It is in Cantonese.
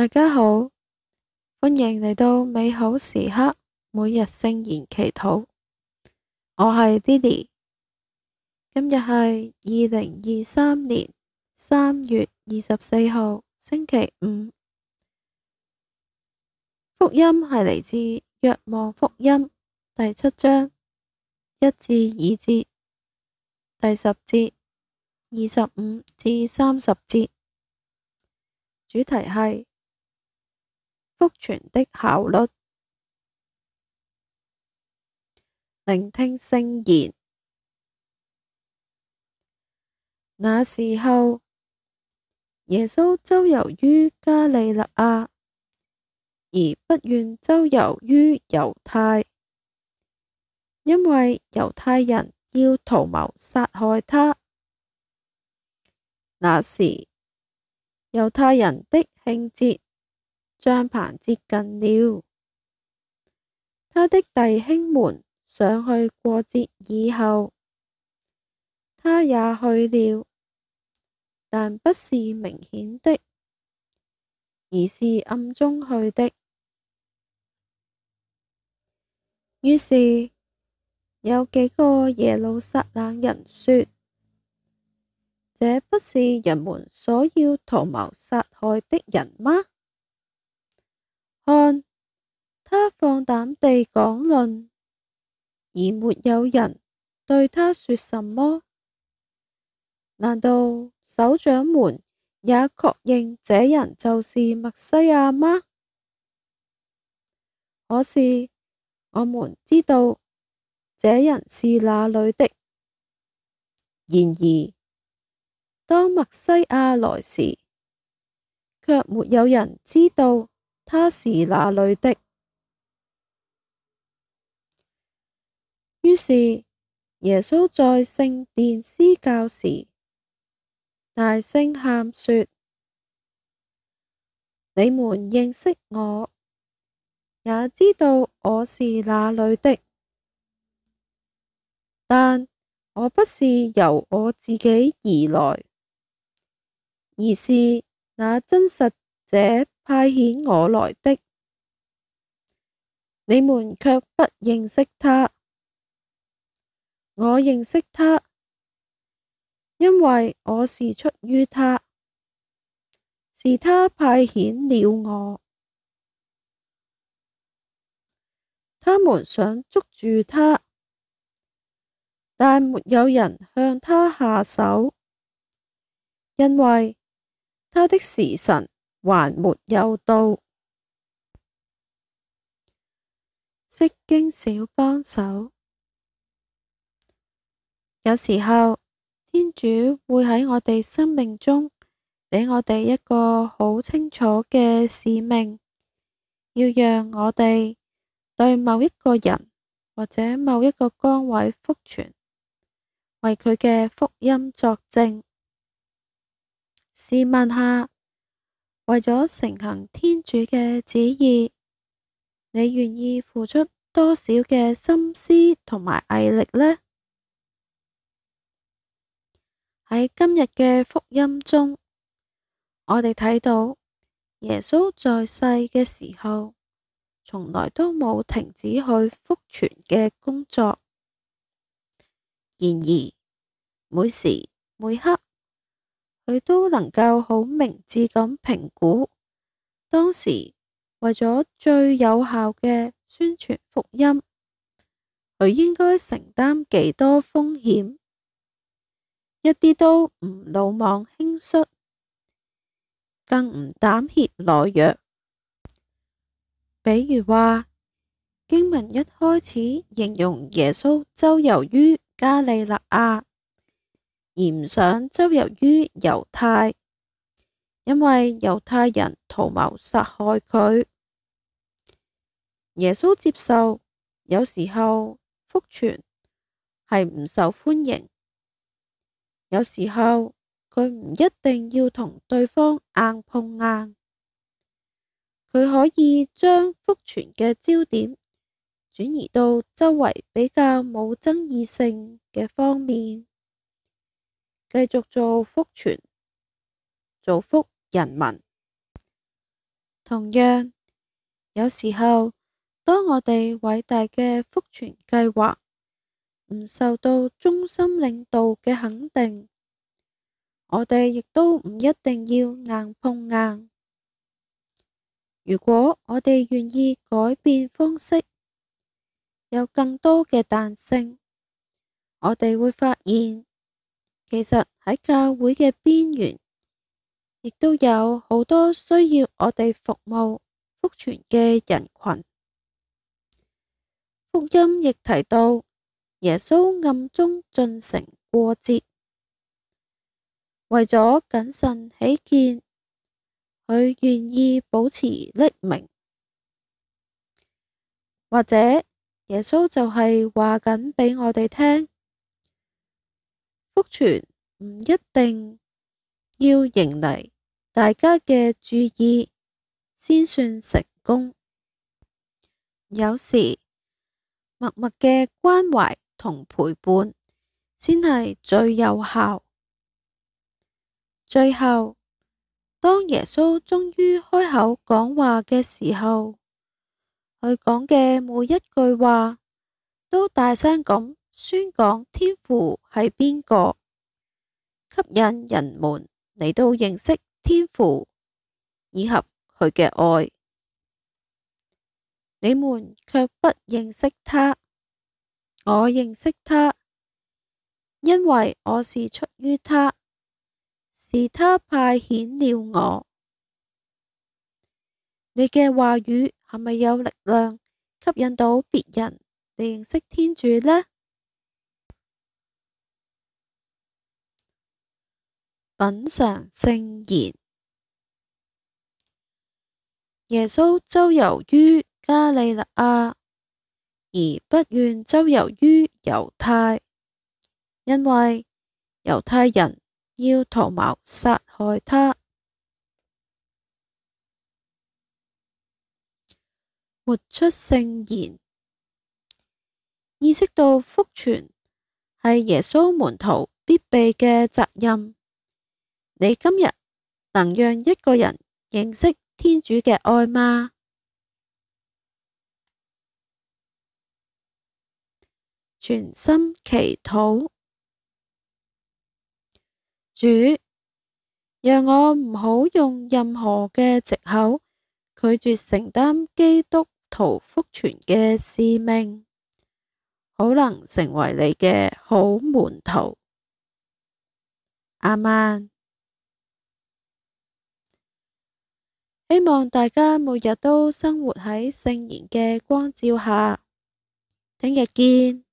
大家好，歡迎嚟到美好時刻，每日聖言祈禱。我係 Lily。今日係二零二三年三月二十四號星期五。福音係嚟自《若望福音》第七章一至二節、第十節、二十五至三十節。主題係，福傳的效率。聆聽聖言。那時候，耶穌周遊於加里肋亞，而不願周遊於猶太，因為猶太人要圖謀殺害他。那時，猶太人的慶節。帳棚節近了，他的弟兄們上去過節以後，他也去了，但不是明顯的，而是暗中去的。於是有幾個耶路撒冷人說：這不是人們所要圖謀殺害的人嗎？膽地講論，而沒有人對他說什麼。難道首長們也確認這人就是默西亞嗎？可是我們知道這人是哪裏的。然而，當默西亞來時，卻沒有人知道他是哪裏的。於是耶穌在聖殿施教時，大聲喊說：你們認識我，也知道我是那裏的，但我不是由我自己而來，而是那真實者派遣我來的。你們卻不認識他。我認識他，因為我是出於他，是他派遣了我。他們想捉住他，但沒有人向他下手，因為他的時辰還沒有到。釋經小幫手。有時候天主會喺我哋生命中畀我哋一個好清楚嘅使命，要讓我哋對某一個人或者某一個崗位福傳，為佢嘅福音作證。試問下，為咗成行天主嘅旨意，你願意付出多少嘅心思同埋毅力呢？喺今日嘅福音中，我哋睇到耶穌在世嘅時候，從來都冇停止去福傳嘅工作。然而，每時每刻，佢都能夠好明智咁評估，當時為咗最有效嘅宣傳福音，佢應該承擔幾多風險。一啲都唔魯莽輕率，更唔膽怯懦弱。比如話，經文一開始形容耶穌周遊於加里肋亞，而唔想周遊於猶太，因為猶太人圖謀殺害佢。耶穌接受有時候福傳係唔受歡迎。有時候佢唔一定要同對方硬碰硬，佢可以將福傳嘅焦點轉移到周圍比較冇爭議性嘅方面，繼續做福傳，造福人民。同樣，有時候當我哋偉大嘅福傳計劃。唔受到中心領導嘅肯定，我哋亦都唔一定要硬碰硬。如果我哋願意改變方式，有更多嘅彈性，我哋會發現，其實喺教會嘅邊緣，亦都有好多需要我哋服務、福傳嘅人群。福音亦提到。耶穌暗中進城過節，為咗謹慎起見，佢願意保持匿名。或者耶穌就係話緊俾我哋聽，福傳唔一定要迎嚟大家嘅注意先算成功。有時默默嘅關懷。同陪伴先係最有效。最後，當耶穌終於開口講話嘅時候，佢講嘅每一句話，都大聲咁宣講天父係邊個，吸引人們嚟到認識天父以及佢嘅愛。你們卻不認識他。我認識他，因為我是出於他，是他派遣了我。你嘅話語係咪有力量吸引到別人嚟認識天主呢？品嚐聖言，耶穌周遊於加里肋亞。而不願周遊於猶太，因為猶太人要圖謀殺害他。活出聖言，意識到福傳係耶穌門徒必備嘅責任。你今日能讓一個人認識天主嘅愛嗎？全心祈禱，主讓我唔好用任何嘅藉口拒絕承擔基督徒福傳嘅使命，好能成為你嘅好門徒。阿曼，希望大家每日都生活喺聖言嘅光照下。聽日見。